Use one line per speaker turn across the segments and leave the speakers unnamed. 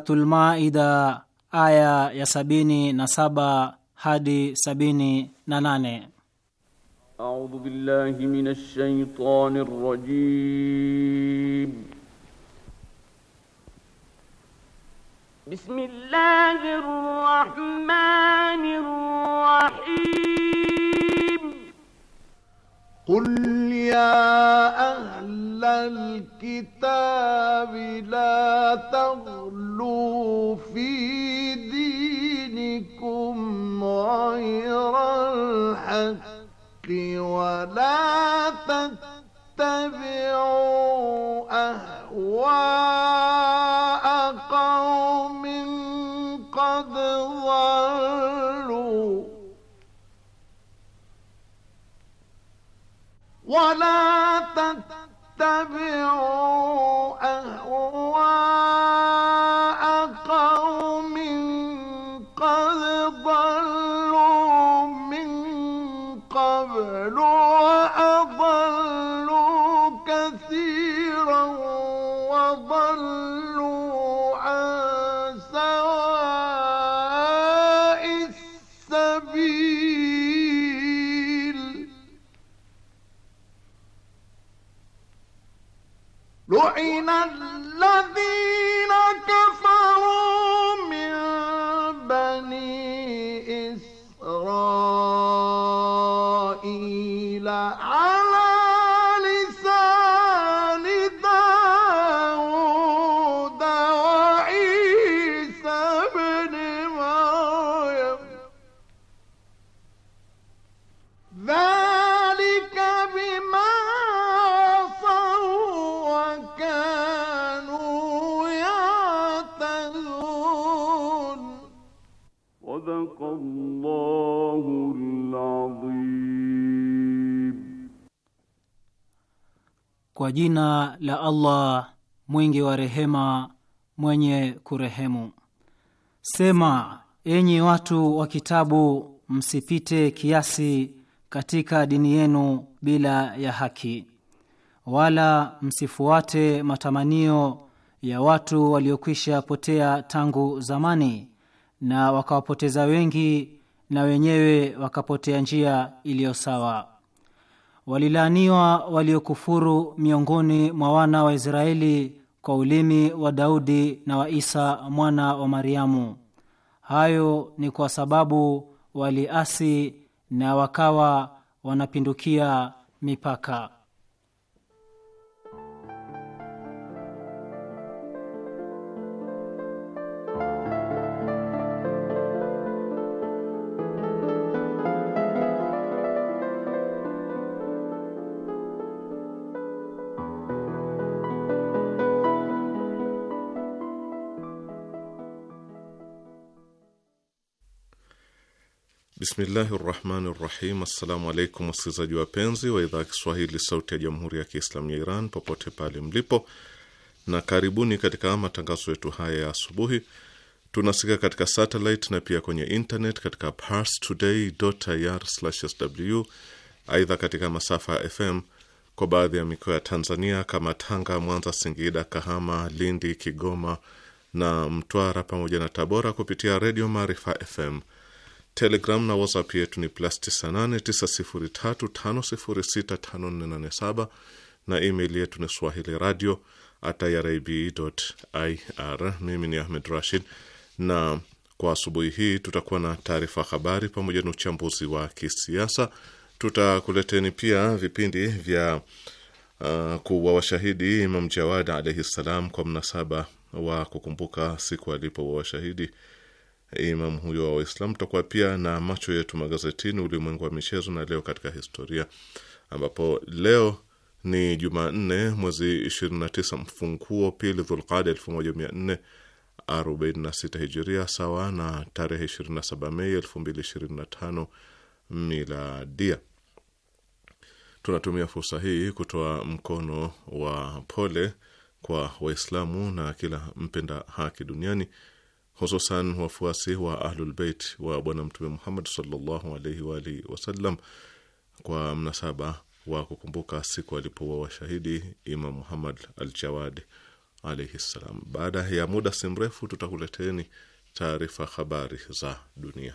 Suratul Maida aya ya sabini na saba hadi sabini na nane.
A'udhu billahi minash shaitani rajim. Bismillahir rahmanir rahim. Qul ya ahlal kitabi la tagh بالحق ولا تتبعوا أهواء قوم قد ضلوا ولا تتبعوا
jina la Allah mwingi wa rehema, mwenye kurehemu. Sema, enyi watu wa Kitabu, msipite kiasi katika dini yenu bila ya haki, wala msifuate matamanio ya watu waliokwisha potea tangu zamani, na wakawapoteza wengi, na wenyewe wakapotea njia iliyo sawa. Walilaaniwa waliokufuru miongoni mwa wana wa Israeli kwa ulimi wa Daudi na wa Isa mwana wa Mariamu. Hayo ni kwa sababu waliasi na wakawa wanapindukia mipaka.
Bismillahi rahmani rahim. Assalamu alaikum wasikilizaji wapenzi wa idhaa ya Kiswahili sauti ya jamhuri ya Kiislamu ya Iran popote pale mlipo, na karibuni katika matangazo yetu haya ya asubuhi. tunasikika katika satellite na pia kwenye internet katika parstoday.ir/sw. Aidha, katika masafa ya FM kwa baadhi ya mikoa ya Tanzania kama Tanga, Mwanza, Singida, Kahama, Lindi, Kigoma na Mtwara pamoja na Tabora kupitia redio Maarifa FM. Telegram na WhatsApp yetu ni plus 989035065487 na email yetu ni swahili radio at irib.ir. Mimi ni Ahmed Rashid, na kwa asubuhi hii tutakuwa na taarifa habari pamoja na uchambuzi wa kisiasa. Tutakuleteni pia vipindi vya uh, kuwa washahidi Imam Jawad alaihi ssalam kwa mnasaba wa kukumbuka siku alipo washahidi Eh, imamu huyo wa Waislamu. Tutakuwa pia na macho yetu magazetini, ulimwengu wa michezo na leo katika historia, ambapo leo ni Jumanne mwezi 29 mfunguo pili Dhulqada 1446 hijiria sawa na tarehe 27 Mei 2025 miladia. Tunatumia fursa hii kutoa mkono wa pole kwa Waislamu na kila mpenda haki duniani hususan wafuasi wa Ahlulbeit wa Bwana Mtume Muhammad sallallahu alaihi wa alihi wasallam kwa mnasaba wa kukumbuka siku alipoua washahidi Imam Muhammad al-Jawad alaihi ssalam. Baada ya muda si mrefu tutakuleteni taarifa habari za dunia.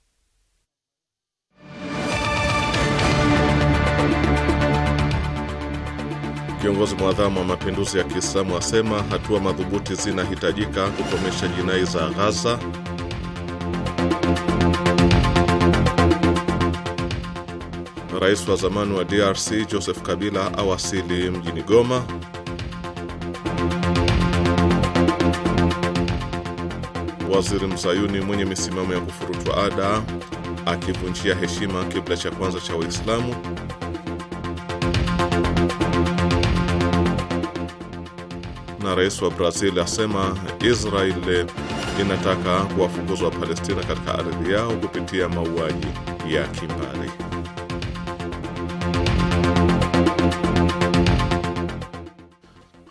Kiongozi mwadhamu wa mapinduzi ya Kiislamu asema hatua madhubuti zinahitajika kukomesha jinai za Ghaza. Rais wa zamani wa DRC Joseph Kabila awasili mjini Goma. Waziri mzayuni mwenye misimamo ya kufurutwa ada akivunjia heshima kibla cha kwanza cha Waislamu. na rais wa Brazil asema Israel inataka kuwafukuza Palestina katika ardhi yao kupitia mauaji ya kimbari.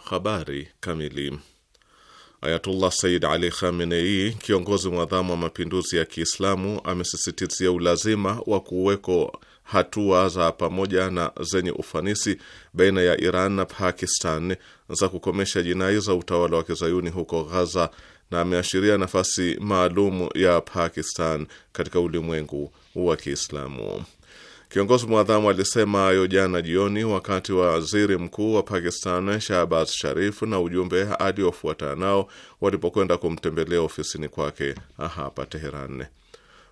Habari kamili. Ayatullah Sayyid Ali Khamenei, kiongozi mwadhamu wa mapinduzi ya Kiislamu, amesisitizia ulazima wa kuweko hatua za pamoja na zenye ufanisi baina ya Iran na Pakistan za kukomesha jinai za utawala wa kizayuni huko Ghaza, na ameashiria nafasi maalum ya Pakistan katika ulimwengu wa Kiislamu. Kiongozi mwadhamu alisema hayo jana jioni wakati wa waziri mkuu wa Pakistan Shahbaz Sharif na ujumbe aliofuata nao walipokwenda kumtembelea ofisini kwake hapa Teheran.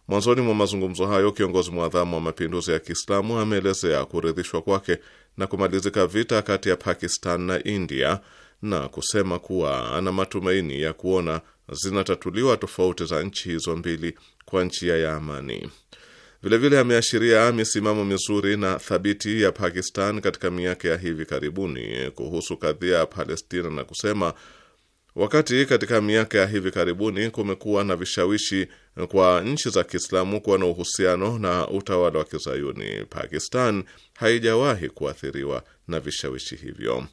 Mwanzoni mwa mazungumzo hayo, kiongozi mwadhamu wa mapinduzi ya Kiislamu ameelezea kuridhishwa kwake na kumalizika vita kati ya Pakistan na India na kusema kuwa ana matumaini ya kuona zinatatuliwa tofauti za nchi hizo mbili kwa njia ya amani. Vilevile ameashiria misimamo mizuri na thabiti ya Pakistan katika miaka ya hivi karibuni kuhusu kadhia ya Palestina na kusema Wakati katika miaka ya hivi karibuni kumekuwa na vishawishi kwa nchi za Kiislamu kuwa na uhusiano na utawala wa Kizayuni, Pakistan haijawahi kuathiriwa na vishawishi hivyo.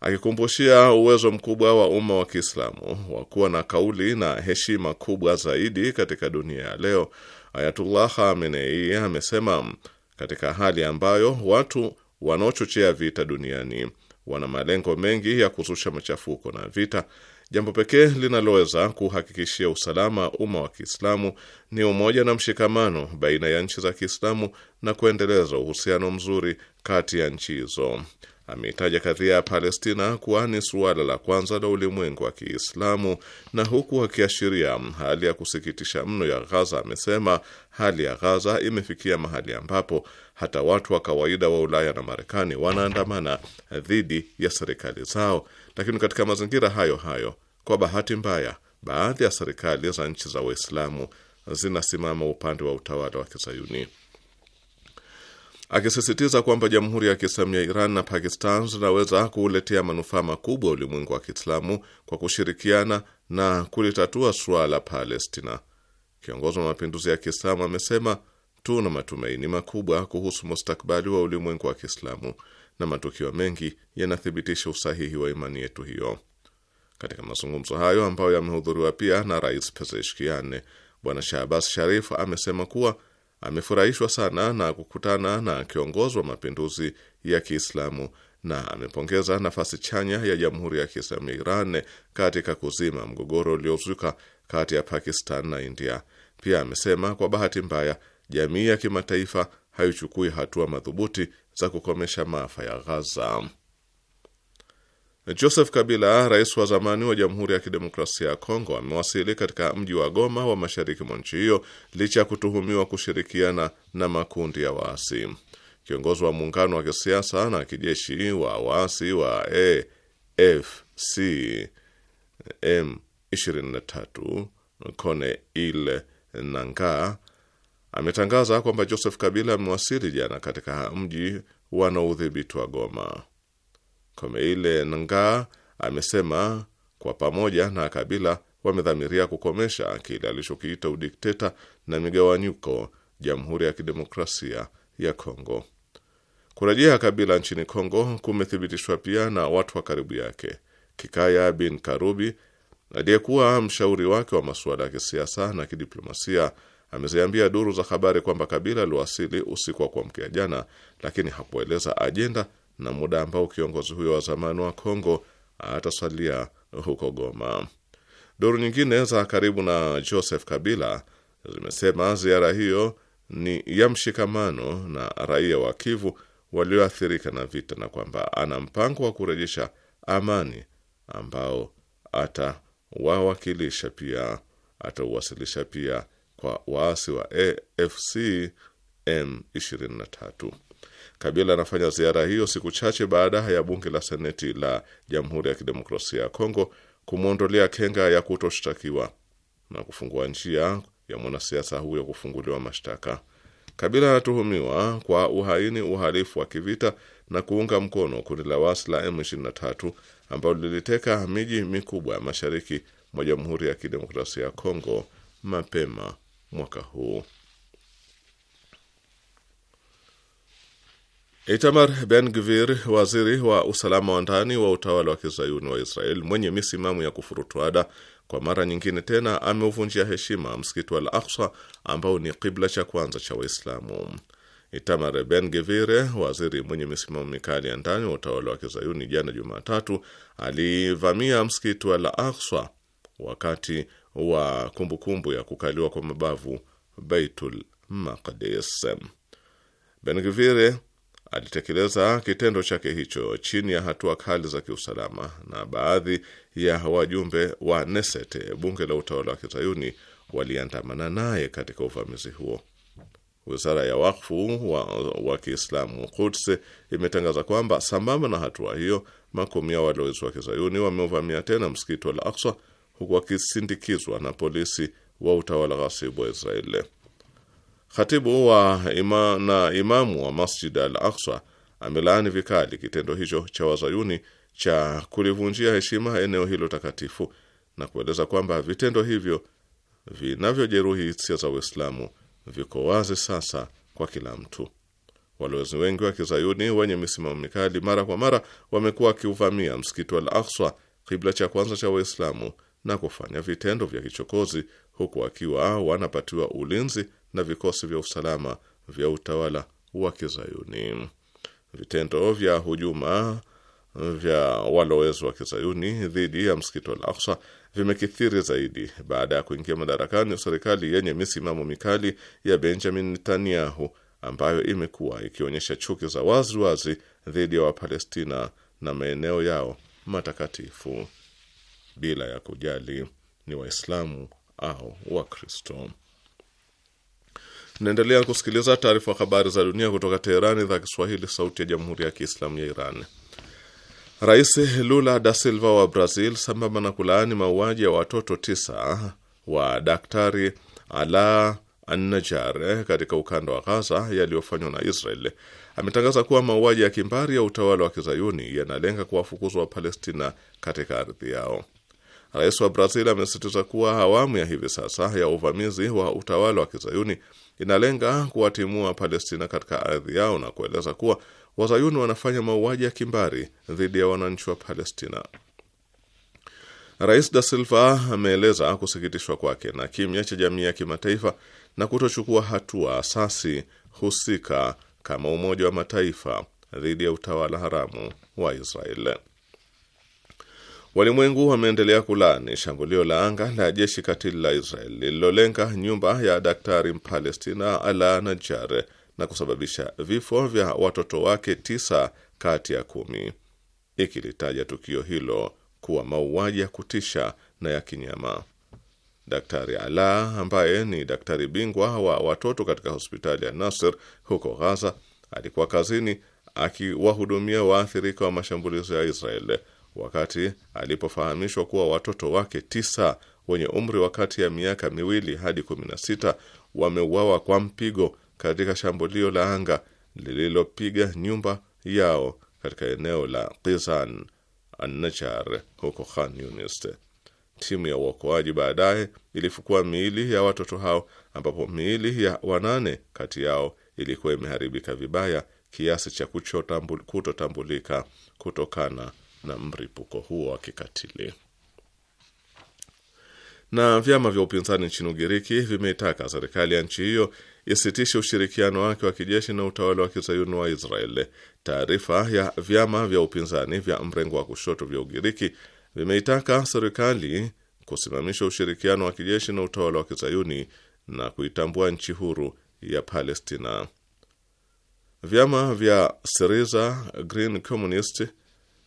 Akikumbushia uwezo mkubwa wa umma wa Kiislamu wa kuwa na kauli na heshima kubwa zaidi katika dunia ya leo, Ayatullah Khamenei amesema katika hali ambayo watu wanaochochea vita duniani wana malengo mengi ya kuzusha machafuko na vita Jambo pekee linaloweza kuhakikishia usalama umma wa Kiislamu ni umoja na mshikamano baina ya nchi za Kiislamu na kuendeleza uhusiano mzuri kati ya nchi hizo. Ameitaja kadhia ya Palestina kuwa ni suala la kwanza la ulimwengu wa Kiislamu, na huku akiashiria hali ya kusikitisha mno ya Ghaza, amesema hali ya Ghaza imefikia mahali ambapo hata watu wa kawaida wa Ulaya na Marekani wanaandamana dhidi ya serikali zao lakini katika mazingira hayo hayo, kwa bahati mbaya, baadhi ya serikali za nchi za Waislamu zinasimama upande wa utawala wa Kizayuni, akisisitiza kwamba Jamhuri ya Kiislamu ya Iran na Pakistan zinaweza kuuletea manufaa makubwa ulimwengu wa Kiislamu kwa kushirikiana na kulitatua suala la Palestina. Kiongozi wa mapinduzi ya Kiislamu amesema tuna matumaini makubwa kuhusu mustakbali wa ulimwengu wa Kiislamu na matukio mengi yanathibitisha usahihi wa imani yetu hiyo. Katika mazungumzo hayo ambayo yamehudhuriwa pia na Rais Pezeshkian, Bwana Shahbaz Sharif amesema kuwa amefurahishwa sana na kukutana na kiongozi wa mapinduzi ya Kiislamu na amepongeza nafasi chanya ya Jamhuri ya Kiislamu ya Iran katika kuzima mgogoro uliozuka kati ya Pakistan na India. Pia amesema kwa bahati mbaya, jamii ya kimataifa haichukui hatua madhubuti za kukomesha maafa ya Ghaza. Joseph Kabila, rais wa zamani wa Jamhuri ya Kidemokrasia ya Kongo, amewasili katika mji wa Goma wa mashariki mwa nchi hiyo licha ya kutuhumiwa kushirikiana na makundi ya waasi. Kiongozi wa muungano wa kisiasa na kijeshi wa waasi wa AFC M23 Kone Il Nanga ametangaza kwamba Joseph Kabila amewasili jana katika mji wanaodhibiti wa Goma. Komeile Nga amesema kwa pamoja na Kabila wamedhamiria kukomesha kile alichokiita udikteta na migawanyuko Jamhuri ya Kidemokrasia ya Kongo. Kurejea Kabila nchini Kongo kumethibitishwa pia na watu wa karibu yake. Kikaya bin Karubi aliyekuwa mshauri wake wa masuala ya kisiasa na kidiplomasia ameziambia duru za habari kwamba Kabila aliwasili usiku wa kuamkia jana, lakini hakueleza ajenda na muda ambao kiongozi huyo wa zamani wa Kongo atasalia huko Goma. Duru nyingine za karibu na Joseph Kabila zimesema ziara hiyo ni ya mshikamano na raia wa Kivu walioathirika na vita na kwamba ana mpango wa kurejesha amani ambao atawawakilisha pia atauwasilisha pia kwa waasi wa AFC M23. Kabila anafanya ziara hiyo siku chache baada ya bunge la seneti la Jamhuri ya Kidemokrasia ya Kongo kumwondolea kenga ya kutoshtakiwa na kufungua njia ya mwanasiasa huyo kufunguliwa mashtaka. Kabila anatuhumiwa kwa uhaini, uhalifu wa kivita na kuunga mkono kundi la waasi la M23 ambalo liliteka miji mikubwa ya mashariki mwa Jamhuri ya Kidemokrasia ya Kongo mapema mwaka huu. Itamar Ben Gvir, waziri wa usalama wa ndani wa utawala wa kizayuni wa Israel mwenye misimamo ya kufurutuada, kwa mara nyingine tena ameuvunjia heshima msikiti wa Al Aqsa ambao ni kibla cha kwanza cha Waislamu. Itamar Ben Gvir, waziri mwenye misimamo mikali ya ndani wa utawala wa kizayuni, jana Jumatatu alivamia msikiti wa Al Aqsa wakati wa kumbukumbu kumbu ya kukaliwa kwa mabavu Baitul Maqdis. Bengivire alitekeleza kitendo chake hicho chini ya hatua kali za kiusalama, na baadhi ya wajumbe wa Neset, bunge la utawala wa Kizayuni, waliandamana naye katika uvamizi huo. Wizara ya Wakfu wa, wa Kiislamu Quds imetangaza kwamba sambamba na hatua hiyo, makumi ya walowezi wa Kizayuni wameuvamia tena msikiti wa Al-Aqsa huku akisindikizwa na polisi wa utawala ghasibu wa Israeli. Khatibu wa ima na imamu wa Masjid Al Aqsa amelaani vikali kitendo hicho cha wazayuni cha kulivunjia heshima eneo hilo takatifu na kueleza kwamba vitendo hivyo vinavyojeruhi hisia za Uislamu viko wazi sasa kwa kila mtu. Walowezi wengi wa kizayuni wenye misimamo mikali mara kwa mara wamekuwa wakiuvamia msikiti wa Al Aqsa, kibla cha kwanza cha Waislamu, na kufanya vitendo vya kichokozi huku akiwa wanapatiwa ulinzi na vikosi vya usalama vya utawala wa Kizayuni. Vitendo vya hujuma vya walowezi wa Kizayuni dhidi ya msikiti Al Aksa vimekithiri zaidi baada ya kuingia madarakani serikali yenye misimamo mikali ya Benjamin Netanyahu ambayo imekuwa ikionyesha chuki za waziwazi dhidi ya Wapalestina na maeneo yao matakatifu bila ya kujali ni Waislamu au Wakristo. Naendelea kusikiliza taarifa habari za dunia kutoka Teherani, idhaa Kiswahili, sauti ya jamhuri ya kiislamu ya Iran. Rais Lula da Silva wa Brazil, sambamba na kulaani mauaji ya watoto tisa wa Daktari Ala Annajar katika ukanda wa Ghaza yaliyofanywa na Israel, ametangaza kuwa mauaji ya kimbari ya utawala wa kizayuni yanalenga kuwafukuzwa Wapalestina katika ardhi yao. Rais wa Brazil amesisitiza kuwa awamu ya hivi sasa ya uvamizi wa utawala wa kizayuni inalenga kuwatimua Palestina katika ardhi yao na kueleza kuwa wazayuni wanafanya mauaji ya kimbari dhidi ya wananchi wa Palestina. Rais Da Silva ameeleza kusikitishwa kwake na kimya cha jamii ya kimataifa na kutochukua hatua asasi husika kama Umoja wa Mataifa dhidi ya utawala haramu wa Israeli. Walimwengu wameendelea kulaani shambulio la anga la jeshi katili la Israel lililolenga nyumba ya daktari Mpalestina Ala Najar na kusababisha vifo vya watoto wake tisa kati ya kumi, ikilitaja tukio hilo kuwa mauaji ya kutisha na ya kinyama. Daktari Ala ambaye ni daktari bingwa wa watoto katika hospitali ya Nasser huko Gaza alikuwa kazini akiwahudumia waathirika wa mashambulizo ya Israel wakati alipofahamishwa kuwa watoto wake tisa wenye umri wa kati ya miaka miwili hadi 16 wameuawa kwa mpigo katika shambulio la anga lililopiga nyumba yao katika eneo la Qizan Annachar huko Khan Yunis. Timu ya uokoaji baadaye ilifukua miili ya watoto hao, ambapo miili ya wanane kati yao ilikuwa imeharibika vibaya kiasi cha kutotambulika kutokana na mripuko huo wa kikatili. Na vyama vya upinzani nchini Ugiriki vimeitaka serikali ya nchi hiyo isitishe ushirikiano wake wa kijeshi na utawala wa kizayuni wa Israel. Taarifa ya vyama vya upinzani vya mrengo wa kushoto vya Ugiriki vimeitaka serikali kusimamisha ushirikiano wa kijeshi na utawala wa kizayuni na kuitambua nchi huru ya Palestina. Vyama vya Syriza Green Communist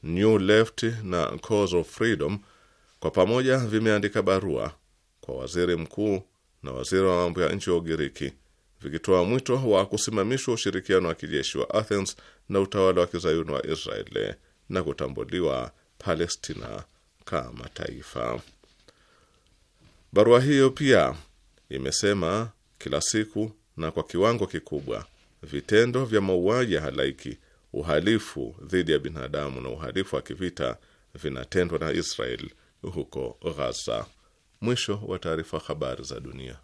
New Left na Cause of Freedom kwa pamoja vimeandika barua kwa waziri mkuu na waziri wa mambo ya nchi wa Ugiriki vikitoa mwito wa kusimamishwa ushirikiano wa kijeshi wa Athens na utawala wa kizayuni wa Israeli na kutambuliwa Palestina kama taifa. Barua hiyo pia imesema kila siku na kwa kiwango kikubwa vitendo vya mauaji ya halaiki uhalifu dhidi ya binadamu na uhalifu wa kivita vinatendwa na Israel huko Ghaza. Mwisho wa taarifa. Habari za dunia.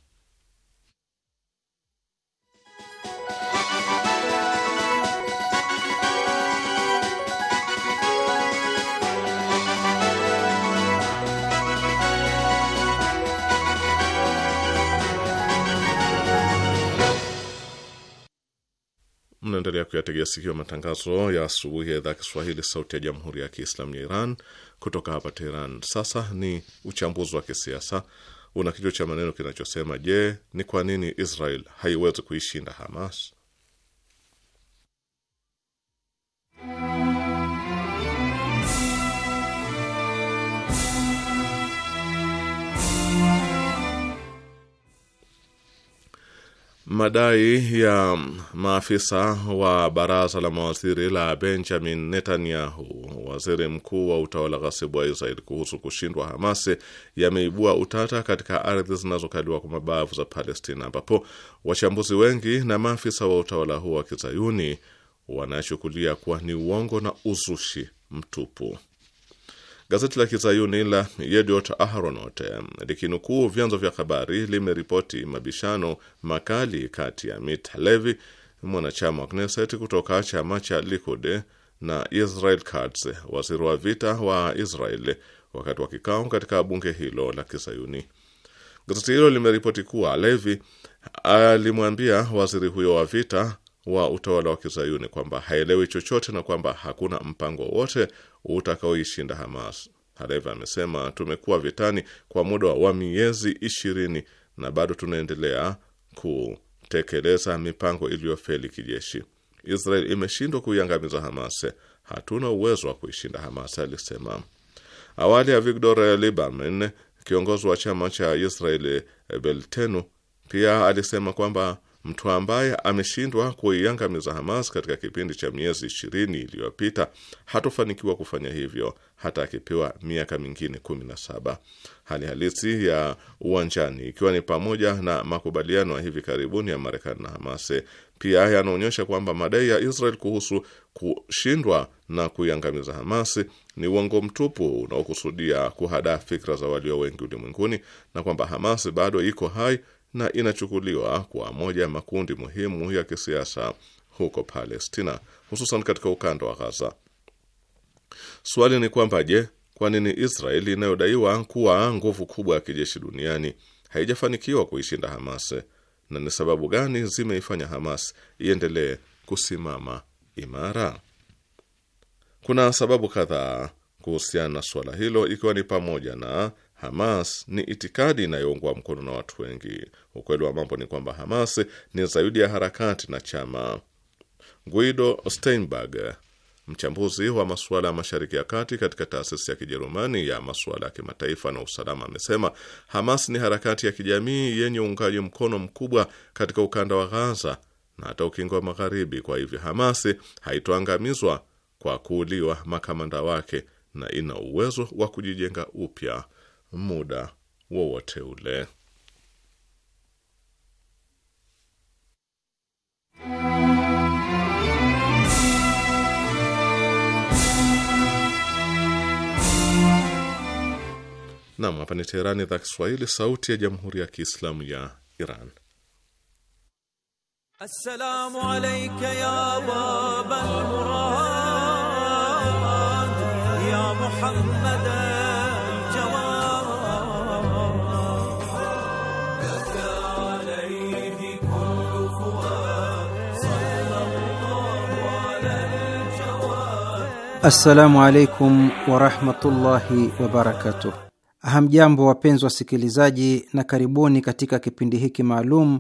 Mnaendelea kuyategea sikio matangazo ya asubuhi ya idhaa Kiswahili sauti ya jamhuri ya Kiislamu ya Iran kutoka hapa Teheran. Sasa ni uchambuzi wa kisiasa una kichwa cha maneno kinachosema: Je, ni kwa nini Israel haiwezi kuishinda Hamas? Madai ya maafisa wa baraza la mawaziri la Benjamin Netanyahu, waziri mkuu wa utawala ghasibu wa Israeli, kuhusu kushindwa Hamasi yameibua utata katika ardhi zinazokaliwa kwa mabavu za Palestina, ambapo wachambuzi wengi na maafisa wa utawala huo wa kizayuni wanachukulia kuwa ni uongo na uzushi mtupu. Gazeti la kizayuni la Yediot Aharonot likinukuu vyanzo vya habari limeripoti mabishano makali kati ya Mit Levi, mwanachama wa Knesset kutoka chama cha Likud, na Israel Katz, waziri wa vita wa Israel, wakati wa kikao katika bunge hilo la kizayuni. Gazeti hilo limeripoti kuwa Levi alimwambia waziri huyo wa vita wa utawala wa kizayuni kwamba haelewi chochote na kwamba hakuna mpango wote utakaoishinda Hamas. Haleva amesema tumekuwa vitani kwa muda wa miezi ishirini na bado tunaendelea kutekeleza mipango iliyofeli kijeshi. Israel imeshindwa kuiangamiza Hamas, hatuna uwezo wa kuishinda Hamas, alisema. Awali Avigdor Lieberman, kiongozi wa chama cha Israel Beltenu, pia alisema kwamba Mtu ambaye ameshindwa kuiangamiza Hamas katika kipindi cha miezi ishirini iliyopita hatofanikiwa kufanya hivyo hata akipewa miaka mingine kumi na saba. Hali halisi ya uwanjani, ikiwa ni pamoja na makubaliano ya hivi karibuni ya Marekani na Hamas, pia yanaonyesha kwamba madai ya Israel kuhusu kushindwa na kuiangamiza Hamas ni uongo mtupu unaokusudia kuhadaa fikra za walio wengi ulimwenguni na kwamba Hamas bado iko hai na inachukuliwa kuwa moja ya makundi muhimu ya kisiasa huko Palestina, hususan katika ukanda wa Ghaza. Swali ni kwamba je, kwa nini Israeli inayodaiwa kuwa nguvu kubwa ya kijeshi duniani haijafanikiwa kuishinda Hamas na ni sababu gani zimeifanya Hamas iendelee kusimama imara? Kuna sababu kadhaa kuhusiana na suala hilo, ikiwa ni pamoja na Hamas ni itikadi inayoungwa mkono na watu wengi. Ukweli wa mambo ni kwamba Hamas ni zaidi ya harakati na chama. Guido Steinberg, mchambuzi wa masuala ya Mashariki ya Kati katika taasisi ya Kijerumani ya masuala ya kimataifa na usalama, amesema Hamas ni harakati ya kijamii yenye uungaji mkono mkubwa katika ukanda wa Ghaza na hata ukingo wa Magharibi. Kwa hivyo, Hamas haitoangamizwa kwa kuuliwa makamanda wake na ina uwezo wa kujijenga upya muda wowote ule. Nam, hapa ni Teherani, idhaa Kiswahili, sauti ya jamhuri ya kiislamu ya Iran.
Assalamu alayka
ya murad ya Muhammad
Assalamu alaikum warahmatullahi wabarakatuh. Hamjambo wapenzi wasikilizaji, na karibuni katika kipindi hiki maalum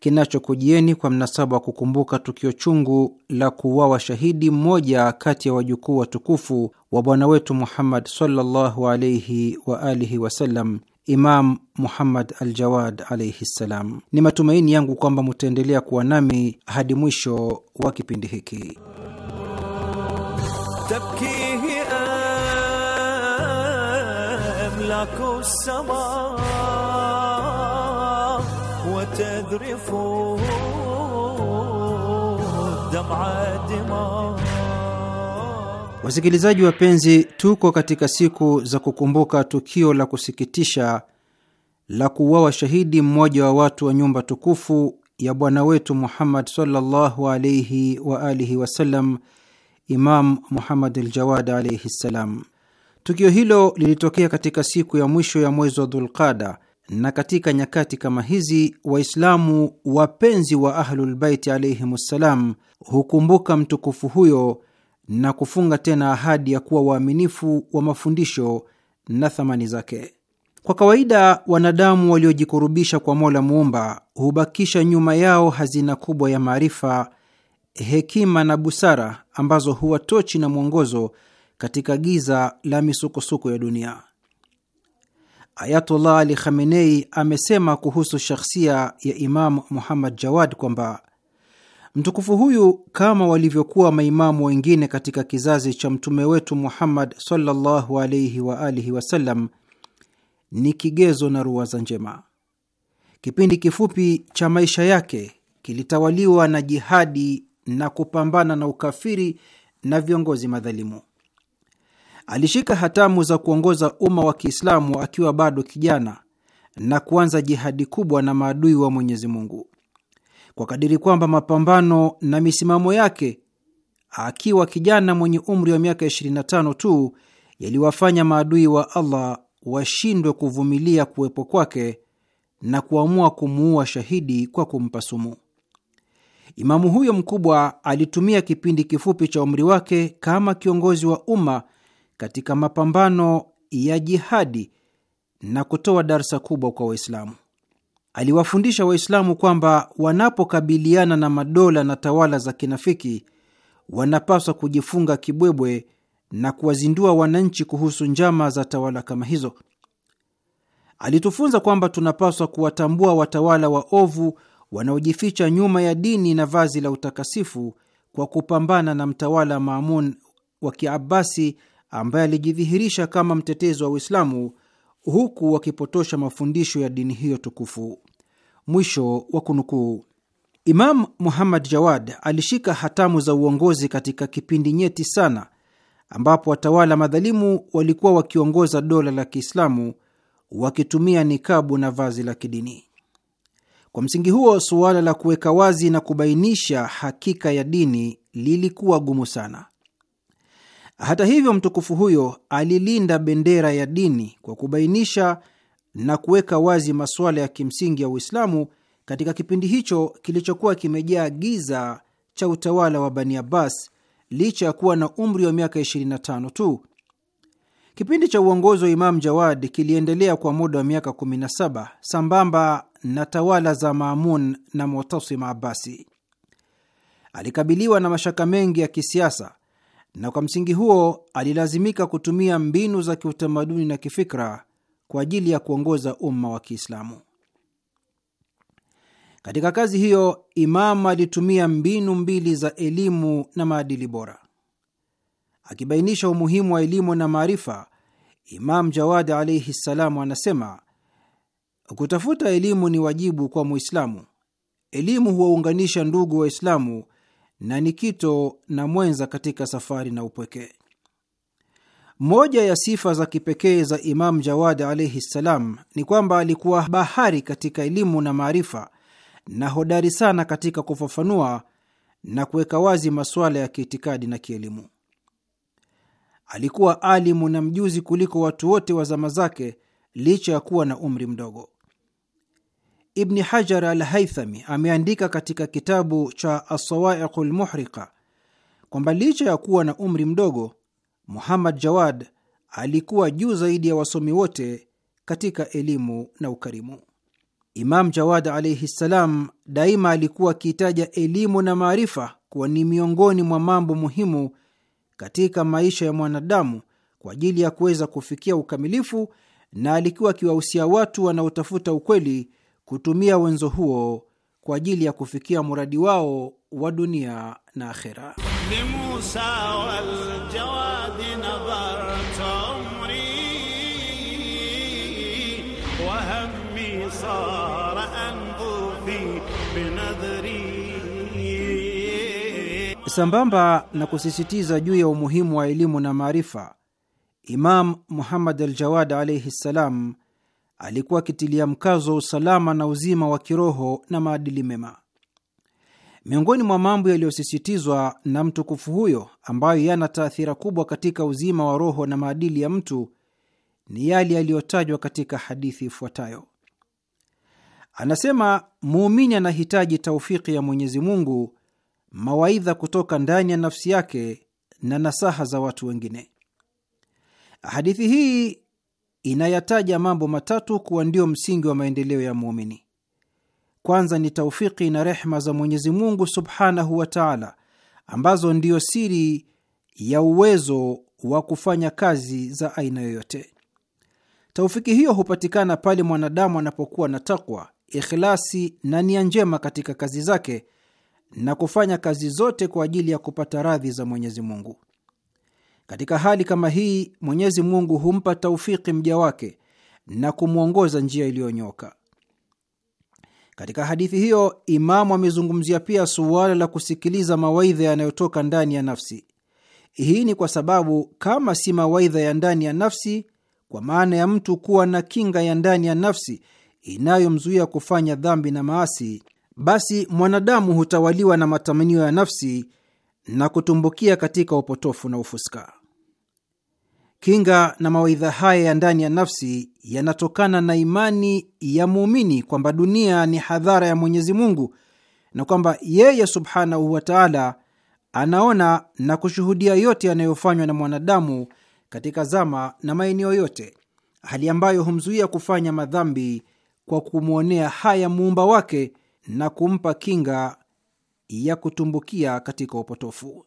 kinachokujieni kwa mnasaba wa kukumbuka tukio chungu la kuuawa shahidi mmoja kati ya wajukuu watukufu wa bwana wetu Muhammad sallallahu alaihi wa alihi wasallam, Imam Muhammad Aljawad alaihi ssalam. Ni matumaini yangu kwamba mutaendelea kuwa nami hadi mwisho wa
kipindi hiki.
تبكيه
أملاك السماء
وتذرف دمع دماء
Wasikilizaji wapenzi, tuko katika siku za kukumbuka tukio la kusikitisha la kuuawa shahidi mmoja wa watu wa nyumba tukufu ya Bwana wetu Muhammad sallallahu alaihi wa alihi wasallam Imam Muhammad al Jawad alaihi ssalam. Tukio hilo lilitokea katika siku ya mwisho ya mwezi wa Dhulqada, na katika nyakati kama hizi Waislamu wapenzi wa Ahlulbaiti alaihim ssalam hukumbuka mtukufu huyo na kufunga tena ahadi ya kuwa waaminifu wa mafundisho na thamani zake. Kwa kawaida wanadamu waliojikurubisha kwa Mola Muumba hubakisha nyuma yao hazina kubwa ya maarifa hekima na busara ambazo huwa tochi na mwongozo katika giza la misukosuko ya dunia. Ayatullah Ali Khamenei amesema kuhusu shakhsia ya Imamu Muhammad Jawad kwamba mtukufu huyu kama walivyokuwa maimamu wengine katika kizazi cha mtume wetu Muhammad sallallahu alaihi wa alihi wasallam ni kigezo na ruwaza njema. Kipindi kifupi cha maisha yake kilitawaliwa na jihadi na kupambana na ukafiri na viongozi madhalimu. Alishika hatamu za kuongoza umma wa Kiislamu akiwa bado kijana na kuanza jihadi kubwa na maadui wa Mwenyezi Mungu, kwa kadiri kwamba mapambano na misimamo yake akiwa kijana mwenye umri wa miaka 25 tu yaliwafanya maadui wa Allah washindwe kuvumilia kuwepo kwake na kuamua kumuua shahidi kwa kumpa sumu. Imamu huyo mkubwa alitumia kipindi kifupi cha umri wake kama kiongozi wa umma katika mapambano ya jihadi na kutoa darsa kubwa kwa Waislamu. Aliwafundisha Waislamu kwamba wanapokabiliana na madola na tawala za kinafiki wanapaswa kujifunga kibwebwe na kuwazindua wananchi kuhusu njama za tawala kama hizo. Alitufunza kwamba tunapaswa kuwatambua watawala waovu wanaojificha nyuma ya dini na vazi la utakasifu kwa kupambana na mtawala Maamun wa Kiabasi ambaye alijidhihirisha kama mtetezi wa Uislamu huku wakipotosha mafundisho ya dini hiyo tukufu. Mwisho wa kunukuu. Imam Muhammad Jawad alishika hatamu za uongozi katika kipindi nyeti sana ambapo watawala madhalimu walikuwa wakiongoza dola la Kiislamu wakitumia nikabu na vazi la kidini. Kwa msingi huo, suala la kuweka wazi na kubainisha hakika ya dini lilikuwa gumu sana. Hata hivyo, mtukufu huyo alilinda bendera ya dini kwa kubainisha na kuweka wazi masuala ya kimsingi ya Uislamu katika kipindi hicho kilichokuwa kimejaa giza cha utawala wa Bani Abbas licha ya kuwa na umri wa miaka 25 tu. Kipindi cha uongozi wa Imamu Jawad kiliendelea kwa muda wa miaka 17 sambamba na tawala za Maamun na Motasim Abasi. Alikabiliwa na mashaka mengi ya kisiasa na kwa msingi huo alilazimika kutumia mbinu za kiutamaduni na kifikra kwa ajili ya kuongoza umma wa Kiislamu. Katika kazi hiyo, Imamu alitumia mbinu mbili za elimu na maadili bora. Akibainisha umuhimu wa elimu na maarifa, Imam Jawad alaihi ssalam anasema kutafuta elimu ni wajibu kwa Muislamu. Elimu huwaunganisha ndugu Waislamu na ni kito na mwenza katika safari na upweke. Moja ya sifa za kipekee za Imam Jawad alaihi ssalam ni kwamba alikuwa bahari katika elimu na maarifa na hodari sana katika kufafanua na kuweka wazi masuala ya kiitikadi na kielimu. Alikuwa alimu na mjuzi kuliko watu wote wa zama zake, licha ya kuwa na umri mdogo. Ibni Hajar al Haithami ameandika katika kitabu cha Assawaiqu lmuhriqa kwamba licha ya kuwa na umri mdogo, Muhammad Jawad alikuwa juu zaidi ya wasomi wote katika elimu na ukarimu. Imam Jawad alaihi ssalam daima alikuwa akiitaja elimu na maarifa kuwa ni miongoni mwa mambo muhimu katika maisha ya mwanadamu kwa ajili ya kuweza kufikia ukamilifu, na alikuwa akiwahusia watu wanaotafuta ukweli kutumia wenzo huo kwa ajili ya kufikia muradi wao wa dunia na akhera. Sambamba na kusisitiza juu ya umuhimu wa elimu na maarifa, Imam Muhammad al-Jawad alaihi ssalam alikuwa akitilia mkazo wa usalama na uzima wa kiroho na maadili mema. Miongoni mwa mambo yaliyosisitizwa na mtukufu huyo ambayo yana taathira kubwa katika uzima wa roho na maadili ya mtu ni yale yaliyotajwa katika hadithi ifuatayo. Anasema muumini anahitaji taufiki ya Mwenyezi Mungu mawaidha kutoka ndani ya nafsi yake na nasaha za watu wengine. Hadithi hii inayataja mambo matatu kuwa ndio msingi wa maendeleo ya muumini. Kwanza ni taufiki na rehma za Mwenyezi Mungu subhanahu wa taala, ambazo ndiyo siri ya uwezo wa kufanya kazi za aina yoyote. Taufiki hiyo hupatikana pale mwanadamu anapokuwa na takwa, ikhlasi na nia njema katika kazi zake na kufanya kazi zote kwa ajili ya kupata radhi za Mwenyezi Mungu. Katika hali kama hii, Mwenyezi Mungu humpa taufiki mja wake na kumwongoza njia iliyonyoka. Katika hadithi hiyo, Imamu amezungumzia pia suala la kusikiliza mawaidha yanayotoka ndani ya nafsi. Hii ni kwa sababu kama si mawaidha ya ndani ya nafsi, kwa maana ya mtu kuwa na kinga ya ndani ya nafsi inayomzuia kufanya dhambi na maasi, basi mwanadamu hutawaliwa na matamanio ya nafsi na kutumbukia katika upotofu na ufuska. Kinga na mawaidha haya ya ndani ya nafsi yanatokana na imani ya muumini kwamba dunia ni hadhara ya Mwenyezi Mungu na kwamba yeye subhanahu wa taala anaona na kushuhudia yote yanayofanywa na mwanadamu katika zama na maeneo yote, hali ambayo humzuia kufanya madhambi kwa kumwonea haya muumba wake na kumpa kinga ya kutumbukia katika upotofu.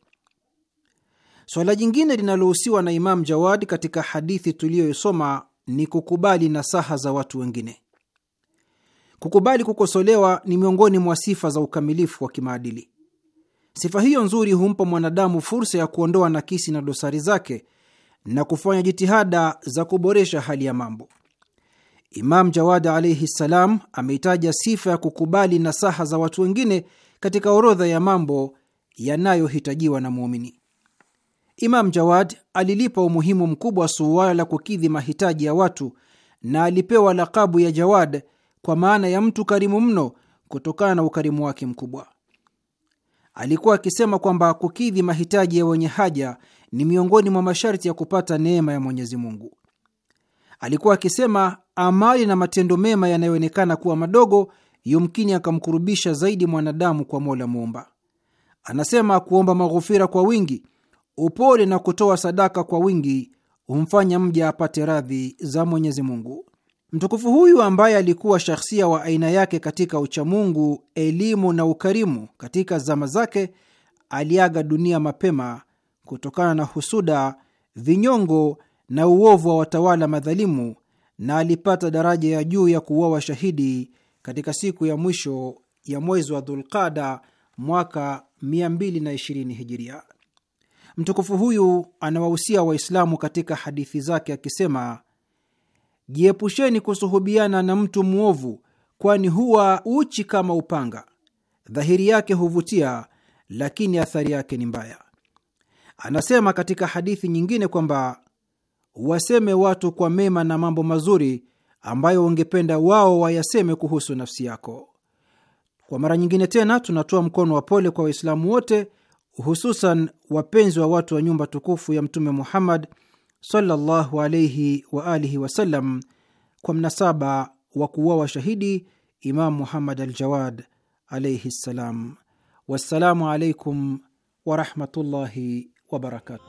Swala jingine linalohusiwa na Imam Jawad katika hadithi tuliyoisoma ni kukubali nasaha za watu wengine. Kukubali kukosolewa ni miongoni mwa sifa za ukamilifu wa kimaadili. Sifa hiyo nzuri humpa mwanadamu fursa ya kuondoa nakisi na dosari zake na kufanya jitihada za kuboresha hali ya mambo. Imam Jawad alaihi ssalam ameitaja sifa ya kukubali nasaha za watu wengine katika orodha ya mambo yanayohitajiwa na muumini. Imam Jawad alilipa umuhimu mkubwa suala la kukidhi mahitaji ya watu na alipewa lakabu ya Jawad kwa maana ya mtu karimu mno kutokana na ukarimu wake mkubwa. Alikuwa akisema kwamba kukidhi mahitaji ya wenye haja ni miongoni mwa masharti ya kupata neema ya Mwenyezi Mungu. Alikuwa akisema amali na matendo mema yanayoonekana kuwa madogo yumkini akamkurubisha zaidi mwanadamu kwa Mola Muumba. Anasema kuomba maghufira kwa wingi, upole na kutoa sadaka kwa wingi humfanya mja apate radhi za Mwenyezi Mungu. Mtukufu huyu ambaye alikuwa shahsia wa aina yake katika uchamungu, elimu na ukarimu katika zama zake, aliaga dunia mapema kutokana na husuda, vinyongo na uovu wa watawala madhalimu na alipata daraja ya juu ya kuuawa shahidi katika siku ya mwisho ya mwezi wa Dhulqada mwaka 220 hijiria. Mtukufu huyu anawahusia Waislamu katika hadithi zake akisema, jiepusheni kusuhubiana na mtu mwovu, kwani huwa uchi kama upanga, dhahiri yake huvutia, lakini athari yake ni mbaya. Anasema katika hadithi nyingine kwamba waseme watu kwa mema na mambo mazuri ambayo wangependa wao wayaseme kuhusu nafsi yako. Kwa mara nyingine tena, tunatoa mkono wa pole kwa Waislamu wote, hususan wapenzi wa watu wa nyumba tukufu ya Mtume Muhammad sallallahu alaihi wa alihi wasallam kwa mnasaba wa kuuawa shahidi Imamu Muhammad Aljawad alaihi ssalam. Wassalamu alaikum warahmatullahi wabarakatuh.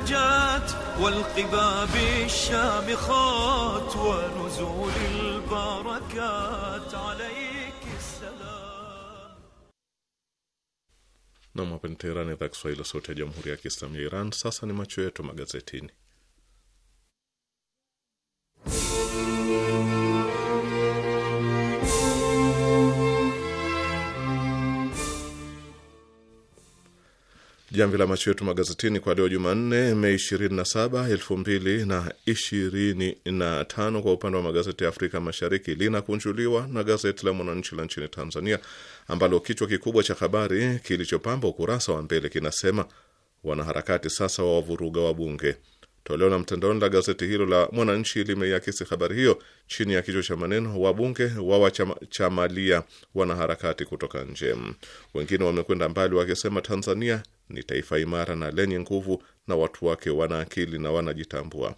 الهجات والقباب الشامخات ونزول البركات عليك السلام.
Nam, hapa ni Teherani, idhaa Kiswahili, sauti ya jamhuri ya kiislamu ya Iran. Sasa ni macho yetu magazetini. Jamvi la macho yetu magazetini kwa leo Jumanne, Mei 27, 2025, kwa upande wa magazeti ya Afrika Mashariki linakunjuliwa na gazeti la Mwananchi la nchini Tanzania, ambalo kichwa kikubwa cha habari kilichopamba ukurasa wa mbele kinasema wanaharakati sasa wa wa bunge Toleo la mtandaoni la gazeti hilo la Mwananchi limeiakisi habari hiyo chini ya kichwa cha maneno wabunge wawachamalia wanaharakati kutoka nje. Wengine wamekwenda mbali wakisema Tanzania ni taifa imara na lenye nguvu na watu wake wana akili na wanajitambua.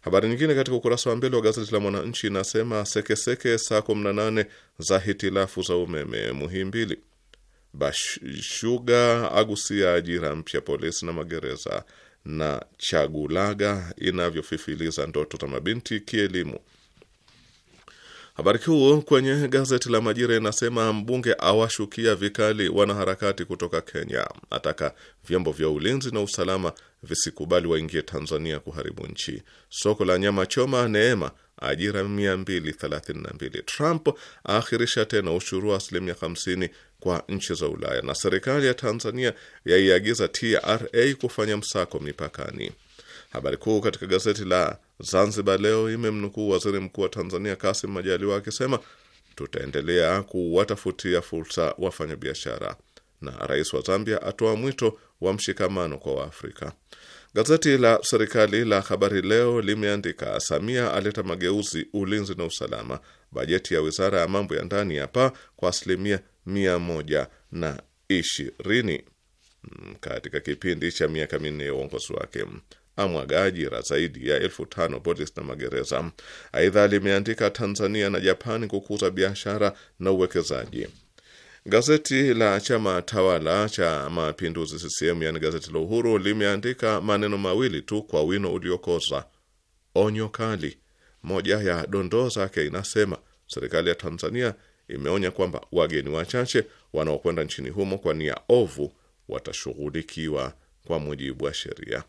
Habari nyingine katika ukurasa wa mbele wa gazeti la Mwananchi inasema sekeseke saa 18 za hitilafu za umeme Muhimbili. Bashuga agusia ajira mpya polisi na magereza na Chagulaga inavyofifiliza ndoto za mabinti kielimu. Habari kuu kwenye gazeti la Majira inasema mbunge awashukia vikali wanaharakati kutoka Kenya, ataka vyombo vya ulinzi na usalama visikubali waingie Tanzania kuharibu nchi. Soko la nyama choma neema ajira 232. Trump aahirisha tena ushuru wa asilimia kwa nchi za Ulaya na serikali ya Tanzania yaiagiza TRA kufanya msako mipakani. Habari kuu katika gazeti la Zanzibar Leo imemnukuu waziri mkuu wa Tanzania Kasim Majaliwa akisema tutaendelea kuwatafutia fursa wafanyabiashara, na rais wa Zambia atoa mwito wa mshikamano kwa Waafrika. Gazeti la serikali la Habari Leo limeandika Samia aleta mageuzi ulinzi na usalama, bajeti ya wizara ya mambo ya ndani yapaa kwa asilimia mia moja na ishirini mm, katika kipindi cha miaka minne ya uongozi wake amwaga ajira zaidi ya elfu tano polisi na magereza. Aidha, limeandika Tanzania na Japani kukuza biashara na uwekezaji. Gazeti la chama tawala cha mapinduzi CCM, yani gazeti la Uhuru, limeandika maneno mawili tu kwa wino uliokoza, onyo kali. Moja ya dondoo zake inasema serikali ya Tanzania imeonya kwamba wageni wachache wanaokwenda nchini humo kwa nia ovu watashughulikiwa kwa mujibu wa sheria.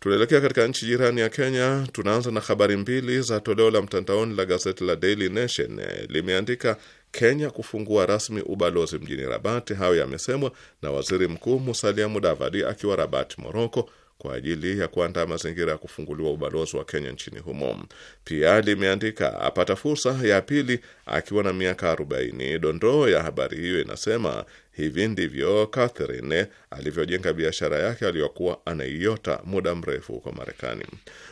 Tunaelekea katika nchi jirani ya Kenya. Tunaanza na habari mbili za toleo la mtandaoni la gazeti la Daily Nation. Limeandika Kenya kufungua rasmi ubalozi mjini Rabati. Hayo yamesemwa na waziri mkuu Musalia Mudavadi akiwa Rabati, Moroko, kwa ajili ya kuandaa mazingira ya kufunguliwa ubalozi wa Kenya nchini humo. Pia limeandika apata fursa ya pili akiwa na miaka 40. Dondoo ya habari hiyo inasema hivi ndivyo Catherine alivyojenga biashara yake aliyokuwa anaiota muda mrefu huko Marekani.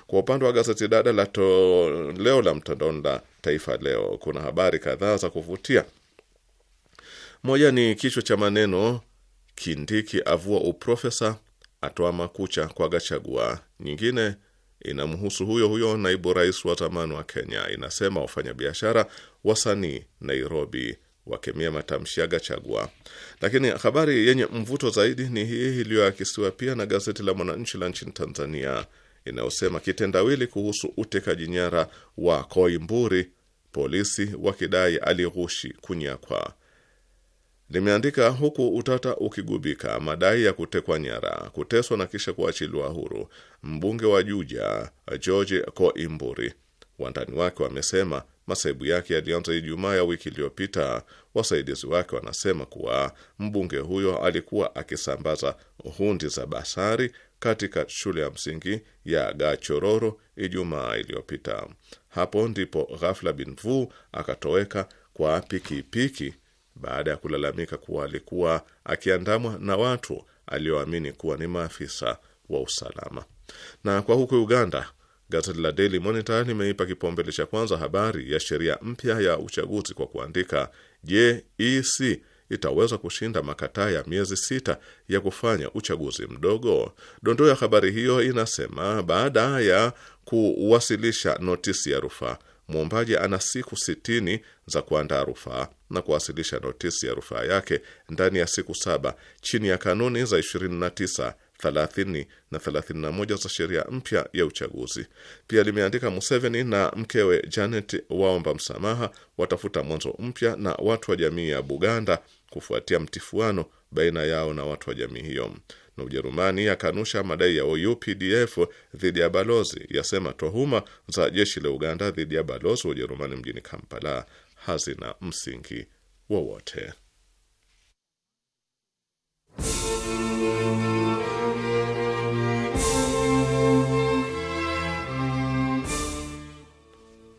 Kwa upande wa gazeti dada la toleo la mtandaoni la Taifa Leo, kuna habari kadhaa za kuvutia. Moja ni kichwa cha maneno Kindiki avua uprofesa atoa makucha kwa Gachagua. Nyingine inamhusu huyo huyo naibu rais wa zamani wa Kenya. Inasema wafanyabiashara, wasanii Nairobi wakemia matamshi ya Gachagua. Lakini habari yenye mvuto zaidi ni hii iliyoakisiwa pia na gazeti la Mwananchi la nchini Tanzania inayosema kitendawili kuhusu utekaji nyara wa Koimburi, polisi wakidai alighushi kunyakwa limeandika huku utata ukigubika madai ya kutekwa nyara, kuteswa na kisha kuachiliwa huru mbunge wa Juja George Koimburi. Wandani wake wamesema masaibu yake yalianza Ijumaa ya wiki iliyopita. Wasaidizi wake wanasema kuwa mbunge huyo alikuwa akisambaza hundi za basari katika shule ya msingi ya Gachororo Ijumaa iliyopita. Hapo ndipo ghafla Binvu akatoweka kwa pikipiki piki baada ya kulalamika kuwa alikuwa akiandamwa na watu alioamini kuwa ni maafisa wa usalama. Na kwa huku Uganda, gazeti la Daily Monitor limeipa kipaumbele cha kwanza habari ya sheria mpya ya uchaguzi kwa kuandika, je, EC itaweza kushinda makataa ya miezi sita ya kufanya uchaguzi mdogo? Dondoo ya habari hiyo inasema baada ya kuwasilisha notisi ya rufaa mwombaji ana siku sitini za kuandaa rufaa na kuwasilisha notisi ya rufaa yake ndani ya siku saba chini ya kanuni za 29, 30 na 31 za sheria mpya ya uchaguzi. Pia limeandika Museveni na mkewe Janet waomba msamaha, watafuta mwanzo mpya na watu wa jamii ya Buganda kufuatia mtifuano baina yao na watu wa jamii hiyo na Ujerumani yakanusha madai ya updf dhidi ya balozi, yasema tuhuma za jeshi la Uganda dhidi ya balozi wa Ujerumani mjini Kampala hazina msingi wowote.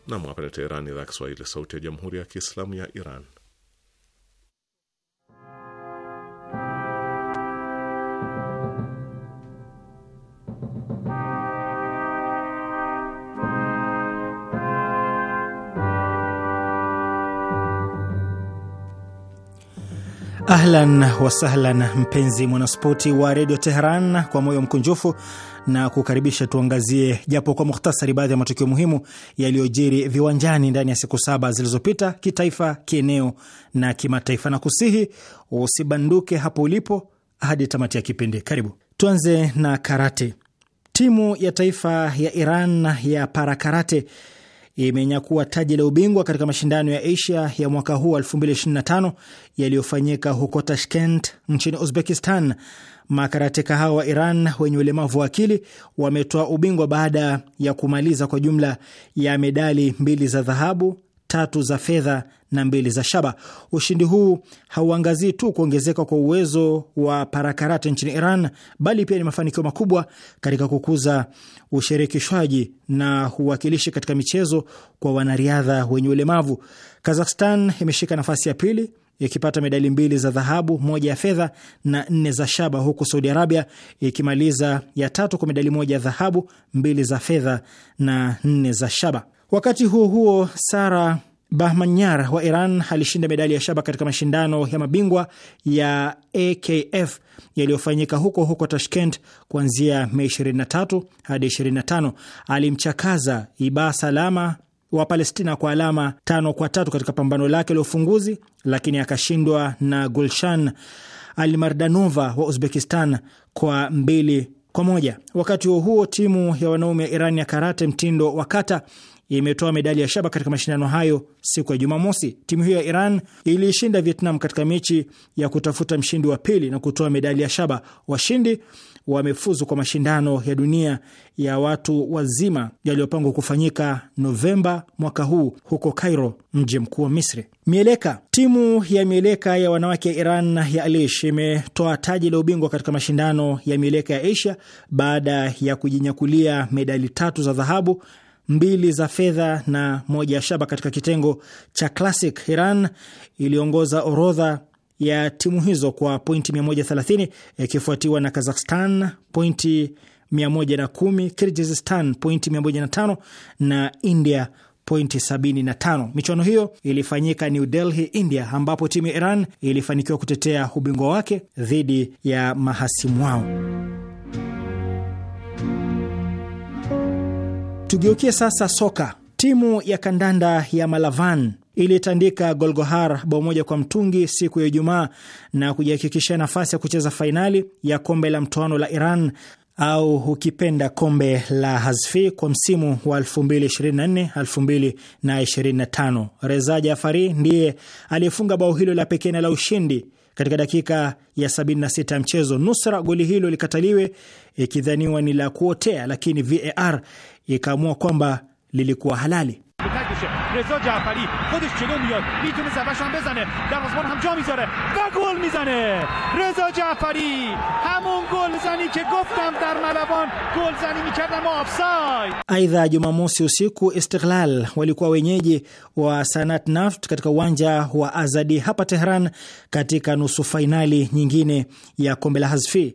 Nam, hapa ni Teherani, idhaa Kiswahili, sauti ya jamhuri ya kiislamu ya Iran.
Ahlan
wasahlan, mpenzi mwanaspoti wa redio Teheran, kwa moyo mkunjufu na kukaribisha tuangazie japo kwa muhtasari baadhi ya matukio muhimu yaliyojiri viwanjani ndani ya siku saba zilizopita, kitaifa, kieneo na kimataifa, na kusihi usibanduke hapo ulipo hadi tamati ya kipindi. Karibu tuanze na karate. Timu ya taifa ya Iran ya parakarate imenyakua taji la ubingwa katika mashindano ya Asia ya mwaka huu 2025 yaliyofanyika huko Tashkent nchini Uzbekistan. Makarateka hao wa Iran wenye ulemavu wa akili wametoa ubingwa baada ya kumaliza kwa jumla ya medali mbili za dhahabu tatu za fedha na mbili za shaba. Ushindi huu hauangazii tu kuongezeka kwa uwezo wa parakarate nchini Iran, bali pia ni mafanikio makubwa katika kukuza ushirikishwaji na uwakilishi katika michezo kwa wanariadha wenye ulemavu. Kazakhstan imeshika nafasi ya pili ikipata medali mbili za dhahabu, moja ya fedha na nne za shaba, huku Saudi Arabia ikimaliza ya tatu kwa medali moja ya dhahabu, mbili za fedha na nne za shaba. Wakati huo huo, Sara Bahmanyar wa Iran alishinda medali ya shaba katika mashindano ya mabingwa ya AKF yaliyofanyika huko huko Tashkent kuanzia Mei 23 hadi 25. Alimchakaza Iba Salama wa Palestina kwa alama tano kwa tatu katika pambano lake la ufunguzi, lakini akashindwa na Gulshan Almardanova wa Uzbekistan kwa mbili kwa moja. Wakati huo huo, timu ya wanaume ya Iran ya karate mtindo wa kata imetoa medali ya shaba katika mashindano hayo siku ya Jumamosi. Timu hiyo ya Iran iliishinda Vietnam katika mechi ya kutafuta mshindi wa pili na kutoa medali ya shaba. Washindi wamefuzu kwa mashindano ya dunia ya watu wazima yaliyopangwa kufanyika Novemba mwaka huu huko Cairo, mji mkuu wa Misri. Mieleka. Timu ya mieleka ya wanawake ya Iran ya Alish imetoa taji la ubingwa katika mashindano ya mieleka ya Asia baada ya kujinyakulia medali tatu za dhahabu mbili za fedha na moja ya shaba katika kitengo cha classic. Iran iliongoza orodha ya timu hizo kwa pointi 130 ikifuatiwa na Kazakhstan pointi 110, Kirgizistan pointi 105 na India pointi 75. Michuano hiyo ilifanyika New Delhi, India, ambapo timu ya Iran ilifanikiwa kutetea ubingwa wake dhidi ya mahasimu wao. Tugeukie sasa soka. Timu ya kandanda ya Malavan ilitandika Golgohar bao moja kwa mtungi siku ya Ijumaa na kujihakikishia nafasi ya kucheza fainali ya kombe la mtoano la Iran au ukipenda kombe la Hazfi kwa msimu wa 2024 2025. Reza Jafari ndiye aliyefunga bao hilo la pekee na la ushindi katika dakika ya 76 ya mchezo. Nusra goli hilo likataliwe ikidhaniwa ni la kuotea, lakini VAR ikaamua kwamba lilikuwa halali.
Reza gol ke goftam dar Malaban mikardam
Aidha, Jumamosi usiku Istiklal walikuwa wenyeji wa Sanat Naft katika uwanja wa Azadi hapa Tehran katika nusu fainali nyingine ya kombe la Hazfi.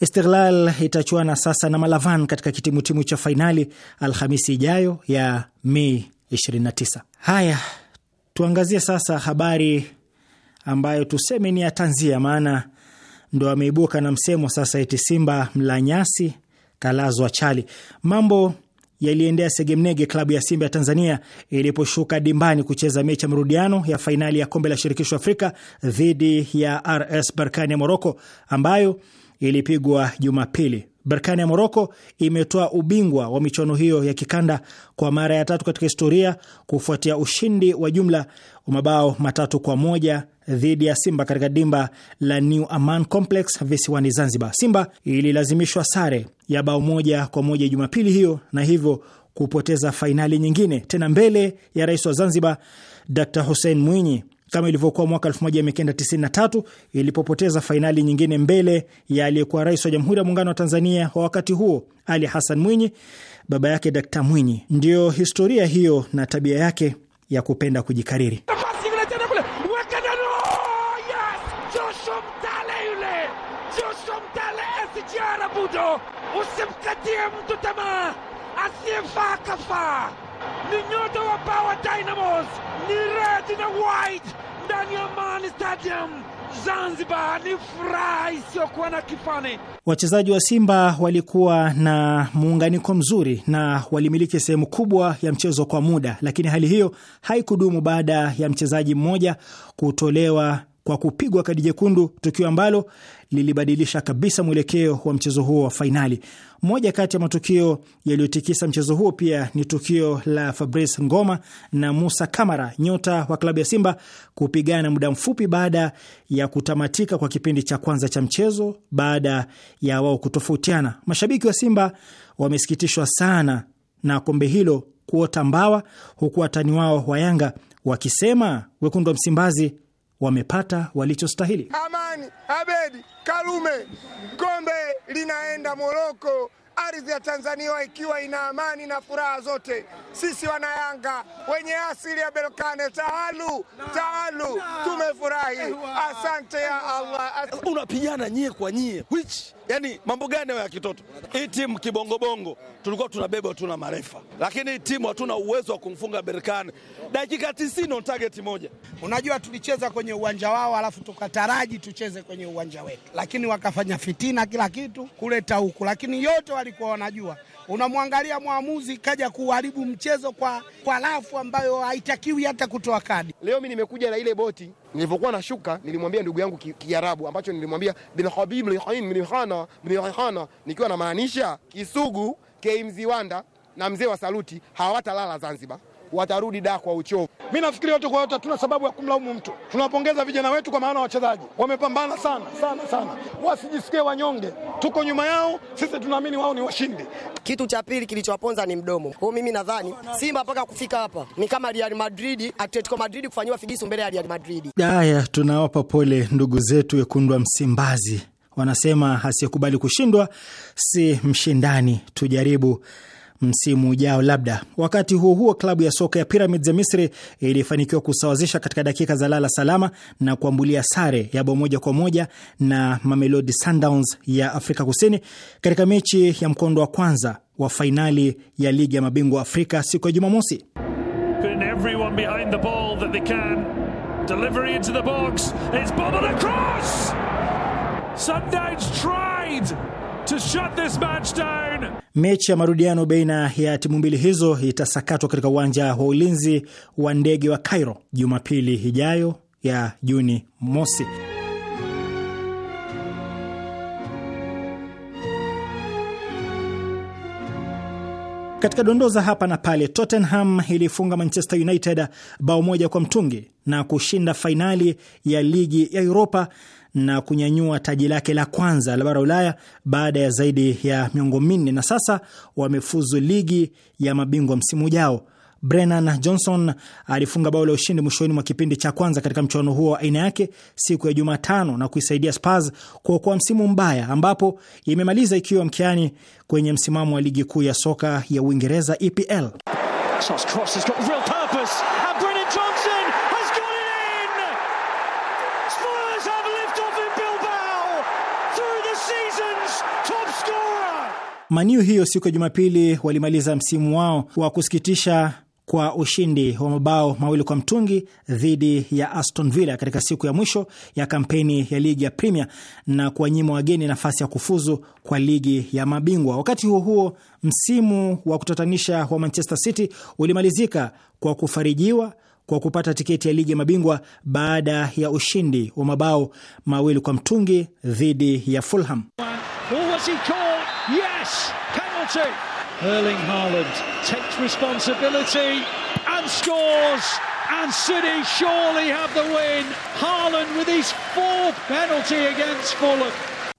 Istiglal itachuana sasa na Malavan katika kitimutimu cha fainali Alhamisi ijayo ya Mei 29. Haya, tuangazie sasa habari ambayo tuseme ni ya tanzia, maana ndo ameibuka na msemo sasa eti Simba mla nyasi kalazwa chali. Mambo yaliendea segemnege klabu ya Simba ya Tanzania iliposhuka dimbani kucheza mechi ya marudiano ya fainali ya kombe la shirikisho Afrika dhidi ya RS Berkane ya Moroko ambayo ilipigwa Jumapili. Berkane ya Moroko imetoa ubingwa wa michuano hiyo ya kikanda kwa mara ya tatu katika historia kufuatia ushindi wa jumla wa mabao matatu kwa moja dhidi ya Simba katika dimba la New Aman Complex visiwani Zanzibar. Simba ililazimishwa sare ya bao moja kwa moja Jumapili hiyo na hivyo kupoteza fainali nyingine tena mbele ya rais wa Zanzibar Dr Hussein Mwinyi kama ilivyokuwa mwaka 1993 ilipopoteza fainali nyingine mbele ya aliyekuwa rais wa Jamhuri ya Muungano wa Tanzania wa wakati huo Ali Hassan Mwinyi, baba yake Dkt Mwinyi. Ndiyo historia hiyo na tabia yake ya kupenda kujikariri.
Usimkatie mtu tamaa asiyefaa kafaa. Ni nyota wa Power Dynamos, ni red na white ndani ya Amani Stadium Zanzibar, ni furaha isiyokuwa na kifani.
Wachezaji wa Simba walikuwa na muunganiko mzuri na walimiliki sehemu kubwa ya mchezo kwa muda, lakini hali hiyo haikudumu baada ya mchezaji mmoja kutolewa kwa kupigwa kadi jekundu, tukio ambalo lilibadilisha kabisa mwelekeo wa mchezo huo wa fainali. Moja kati ya matukio yaliyotikisa mchezo huo pia ni tukio la Fabrice Ngoma na Musa Kamara, nyota wa klabu ya Simba, kupigana muda mfupi baada ya kutamatika kwa kipindi cha kwanza cha mchezo baada ya wao kutofautiana. Mashabiki wa Simba wamesikitishwa sana na kombe hilo kuota mbawa, huku watani wao wa Yanga wakisema wekundu wa Msimbazi wamepata walichostahili.
Amani Abedi Karume, kombe linaenda Moroko, ardhi ya Tanzania ikiwa ina amani na furaha zote. Sisi wanayanga wenye asili ya Berkane, taalu taalu, tumefurahi. Asante ya Allah. Unapigana nyie kwa nyie, which yani mambo gani hayo ya kitoto? Hii timu kibongobongo tulikuwa tunabeba, tuna marefa, lakini hii timu hatuna uwezo wa kumfunga Berkane dakika 90 on target moja. Unajua, tulicheza
kwenye uwanja wao, alafu tukataraji tucheze kwenye uwanja wetu, lakini wakafanya fitina, kila kitu kuleta huku, lakini yote walikuwa wanajua unamwangalia mwamuzi kaja kuharibu mchezo kwa, kwa rafu ambayo haitakiwi hata kutoa kadi.
Leo mi nimekuja na ile boti, nilivyokuwa nashuka nilimwambia ndugu yangu Kiarabu ki ambacho nilimwambia bilhabib lihana, nikiwa namaanisha Kisugu Kmziwanda na mzee wa Saluti hawatalala Zanzibar watarudi da kwa uchovu. Mi nafikiri yote kwa yote,
hatuna sababu ya kumlaumu mtu. Tunawapongeza vijana wetu, kwa maana wachezaji wamepambana sana sana sana, wasijisikie wanyonge. Tuko nyuma yao, sisi tunaamini wao ni washindi. Kitu cha pili kilichowaponza ni mdomo. Kwa mimi nadhani Simba mpaka kufika hapa ni kama Real Madrid, Atletico Madrid kufanyiwa figisu mbele ya Real Madrid. Haya, tunawapa pole ndugu zetu wekundu wa Msimbazi, wanasema asiyekubali kushindwa si mshindani. Tujaribu msimu ujao labda. Wakati huo huo, klabu ya soka ya Pyramids ya Misri ilifanikiwa kusawazisha katika dakika za lala salama na kuambulia sare ya bao moja kwa moja na Mamelodi Sundowns ya Afrika Kusini katika mechi ya mkondo wa kwanza wa fainali ya ligi ya mabingwa Afrika siku ya Jumamosi
shut this match down.
Mechi ya marudiano baina ya timu mbili hizo itasakatwa katika uwanja wa ulinzi wa ndege wa Cairo Jumapili ijayo ya Juni mosi. Katika dondoza hapa na pale, Tottenham ilifunga Manchester United bao moja kwa mtungi na kushinda fainali ya ligi ya Europa na kunyanyua taji lake la kwanza la bara Ulaya baada ya zaidi ya miongo minne, na sasa wamefuzu ligi ya mabingwa msimu ujao. Brennan Johnson alifunga bao la ushindi mwishoni mwa kipindi cha kwanza katika mchuano huo wa aina yake siku ya Jumatano na kuisaidia Spurs kuokoa msimu mbaya ambapo imemaliza ikiwa mkiani kwenye msimamo wa ligi kuu ya soka ya Uingereza EPL. Maniu hiyo siku ya Jumapili walimaliza msimu wao wa kusikitisha kwa ushindi wa mabao mawili kwa mtungi dhidi ya Aston Villa katika siku ya mwisho ya kampeni ya ligi ya Premier na kuwanyima wageni nafasi ya kufuzu kwa ligi ya mabingwa. Wakati huo huo, msimu wa kutatanisha wa Manchester City ulimalizika kwa kufarijiwa kwa kupata tiketi ya ligi ya mabingwa baada ya ushindi wa mabao mawili kwa mtungi dhidi ya Fulham.
Yes, penalty. Erling Haaland takes responsibility and scores. And City surely have the win. Haaland with his fourth penalty against Fulham.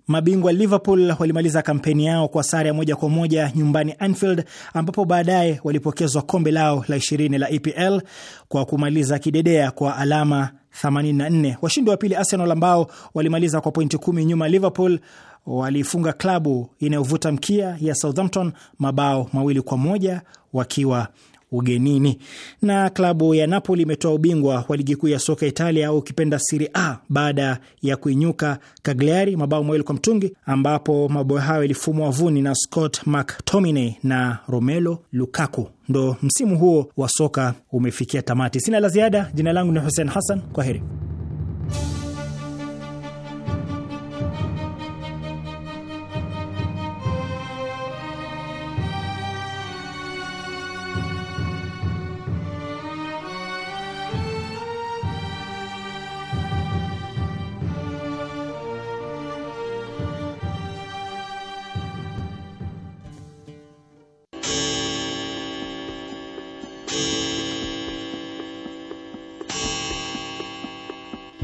Mabingwa Liverpool walimaliza kampeni yao kwa sare ya moja kwa moja nyumbani Anfield, ambapo baadaye walipokezwa kombe lao la 20 la EPL kwa kumaliza kidedea kwa alama 84. Washindi wa pili Arsenal, ambao walimaliza kwa pointi kumi nyuma Liverpool, walifunga klabu inayovuta mkia ya Southampton mabao mawili kwa moja wakiwa ugenini. Na klabu ya Napoli imetoa ubingwa wa ligi kuu ya soka Italia au ukipenda Serie A baada ya kuinyuka Cagliari mabao mawili kwa mtungi, ambapo mabao hayo yalifumwa wavuni na Scott McTominay na romelo Lukaku. Ndo msimu huo wa soka umefikia tamati. Sina la ziada. Jina langu ni Hussein Hassan, kwa heri.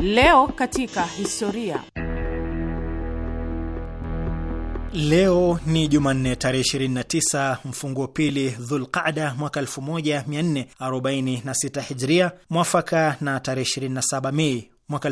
Leo katika historia.
Leo ni Jumanne tarehe 29 mfunguo pili Dhulqada mwaka 1446 Hijria, mwafaka na tarehe 27 Mei mwaka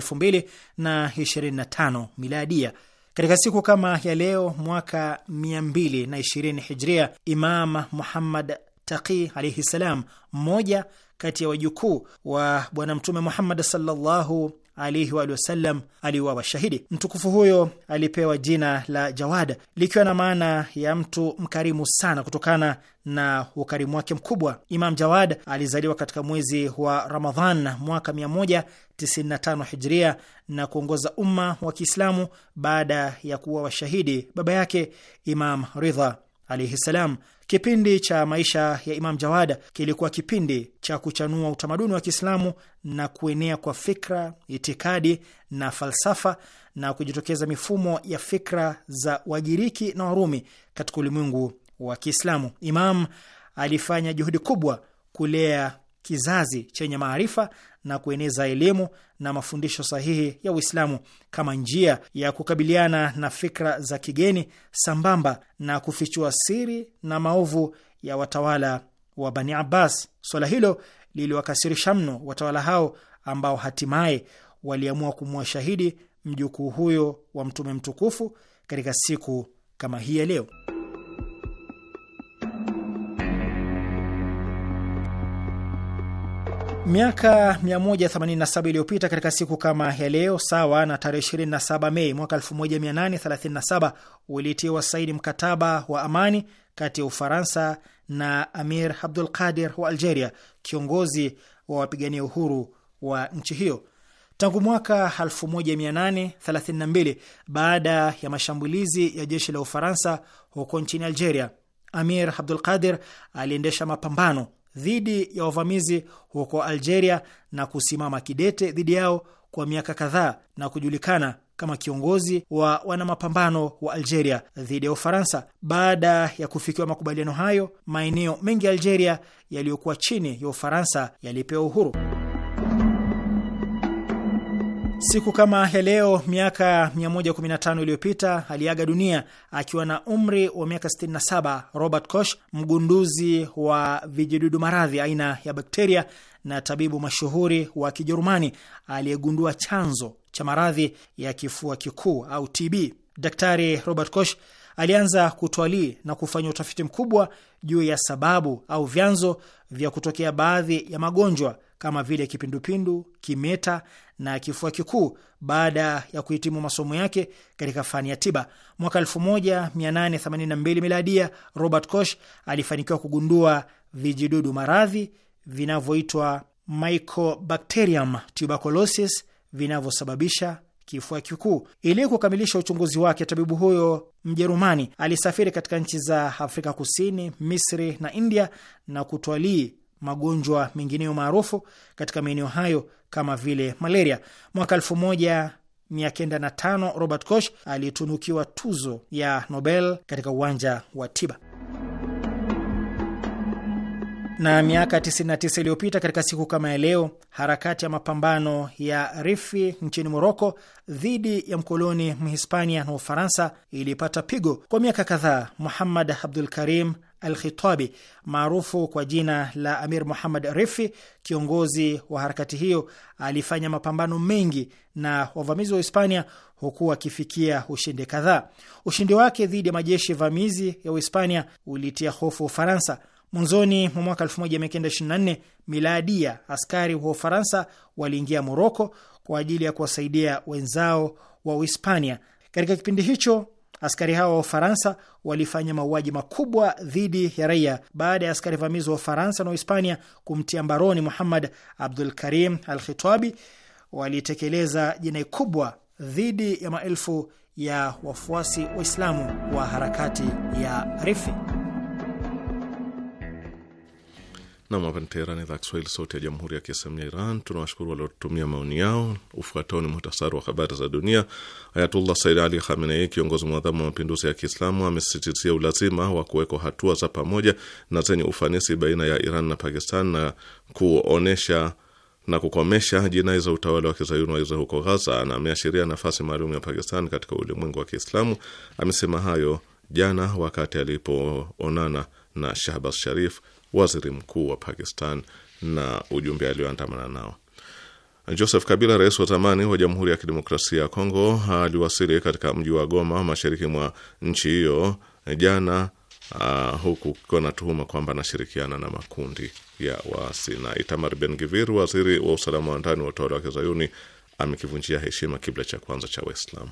2025 Miladia. Katika siku kama ya leo mwaka 220 Hijria, Imam Muhammad Taqi alaihi ssalam mmoja kati ya wajukuu wa Bwana Mtume Muhammad sallallahu alaihi wasallam aliuawa shahidi. Mtukufu huyo alipewa jina la Jawad likiwa na maana ya mtu mkarimu sana kutokana na ukarimu wake mkubwa. Imam Jawad alizaliwa katika mwezi wa Ramadhan mwaka 195 Hijria na kuongoza umma wa Kiislamu baada ya kuwa washahidi baba yake Imam Ridha alaihi ssalam. Kipindi cha maisha ya Imam Jawada kilikuwa kipindi cha kuchanua utamaduni wa Kiislamu na kuenea kwa fikra, itikadi na falsafa na kujitokeza mifumo ya fikra za Wagiriki na Warumi katika ulimwengu wa Kiislamu. Imam alifanya juhudi kubwa kulea kizazi chenye maarifa na kueneza elimu na mafundisho sahihi ya Uislamu kama njia ya kukabiliana na fikra za kigeni sambamba na kufichua siri na maovu ya watawala wa Bani Abbas. Swala hilo liliwakasirisha mno watawala hao ambao hatimaye waliamua kumua shahidi mjukuu huyo wa mtume mtukufu katika siku kama hii ya leo. Miaka 187 iliyopita katika siku kama ya leo, sawa na tarehe 27 Mei mwaka 1837, ulitiwa saini mkataba wa amani kati ya Ufaransa na Amir Abdul Qadir wa Algeria, kiongozi wa wapigania uhuru wa nchi hiyo. Tangu mwaka 1832, baada ya mashambulizi ya jeshi la Ufaransa huko nchini Algeria, Amir Abdul Qadir aliendesha mapambano dhidi ya wavamizi huko Algeria na kusimama kidete dhidi yao kwa miaka kadhaa na kujulikana kama kiongozi wa wanamapambano wa Algeria dhidi ya Ufaransa. Baada ya kufikiwa makubaliano hayo, maeneo mengi ya Algeria yaliyokuwa chini ya Ufaransa yalipewa uhuru. Siku kama ya leo miaka 115 iliyopita aliaga dunia akiwa na umri wa miaka 67 Robert Koch, mgunduzi wa vijidudu maradhi aina ya bakteria na tabibu mashuhuri wa Kijerumani aliyegundua chanzo cha maradhi ya kifua kikuu au TB. Daktari Robert Koch alianza kutwalii na kufanya utafiti mkubwa juu ya sababu au vyanzo vya kutokea baadhi ya magonjwa kama vile kipindupindu, kimeta na kifua kikuu baada ya kuhitimu masomo yake katika fani ya tiba. Mwaka 1882 miladia, Robert Koch alifanikiwa kugundua vijidudu maradhi vinavyoitwa Mycobacterium tuberculosis vinavyosababisha kifua kikuu. Ili kukamilisha uchunguzi wake, tabibu huyo Mjerumani alisafiri katika nchi za Afrika Kusini, Misri na India na kutwalii magonjwa mengineyo maarufu katika maeneo hayo kama vile malaria. Mwaka tano Robert Koch alitunukiwa tuzo ya Nobel katika uwanja wa tiba. Na miaka 99 iliyopita katika siku kama ya leo, harakati ya mapambano ya Rifi nchini Moroko dhidi ya mkoloni Mhispania na Ufaransa ilipata pigo. Kwa miaka kadhaa, Muhammad Abdul Karim Al-Khitabi maarufu kwa jina la Amir Muhammad Rifi, kiongozi wa harakati hiyo, alifanya mapambano mengi na wavamizi wa Hispania huku akifikia ushindi kadhaa. Ushindi wake dhidi ya majeshi vamizi ya Uhispania ulitia hofu Ufaransa. Mwanzoni mwa mwaka 1924 miladia, askari wa Ufaransa waliingia Moroko kwa ajili ya kuwasaidia wenzao wa Uhispania. Katika kipindi hicho askari hao wa Ufaransa walifanya mauaji makubwa dhidi ya raia baada ya askari vamizi wa Ufaransa na Uhispania kumtia mbaroni Muhammad Abdul Karim Al Khitabi. Walitekeleza jinai kubwa dhidi ya maelfu ya wafuasi Waislamu wa harakati ya Rifi.
Nam, hapa ni Teherani, idhaa Kiswahili, sauti ya jamhuri ya kiislamu ya Iran. Tunawashukuru waliotumia maoni yao. Ufuatao ni muhtasari wa habari za dunia. Ayatullah Said Ali Khamenei, kiongozi mwadhamu wa mapinduzi ya Kiislamu, amesisitizia ulazima wa kuwekwa hatua za pamoja na zenye ufanisi baina ya Iran na Pakistan na kuonesha na kukomesha jinai za utawala wa kizayuni wa Israel huko Ghaza, na ameashiria nafasi maalum ya Pakistan katika ulimwengu wa Kiislamu. Amesema hayo jana wakati alipoonana na Shahbaz Sharif waziri mkuu wa Pakistan na ujumbe alioandamana nao. Joseph Kabila, rais wa zamani wa Jamhuri ya Kidemokrasia ya Kongo, aliwasili katika mji wa Goma, mashariki mwa nchi hiyo jana, uh, huku kukiwa na tuhuma kwamba anashirikiana na makundi ya waasi. Na Itamar Ben-Gvir, waziri wa usalama wa ndani wa utawala wa Kizayuni, amekivunjia heshima kibla cha kwanza cha Waislamu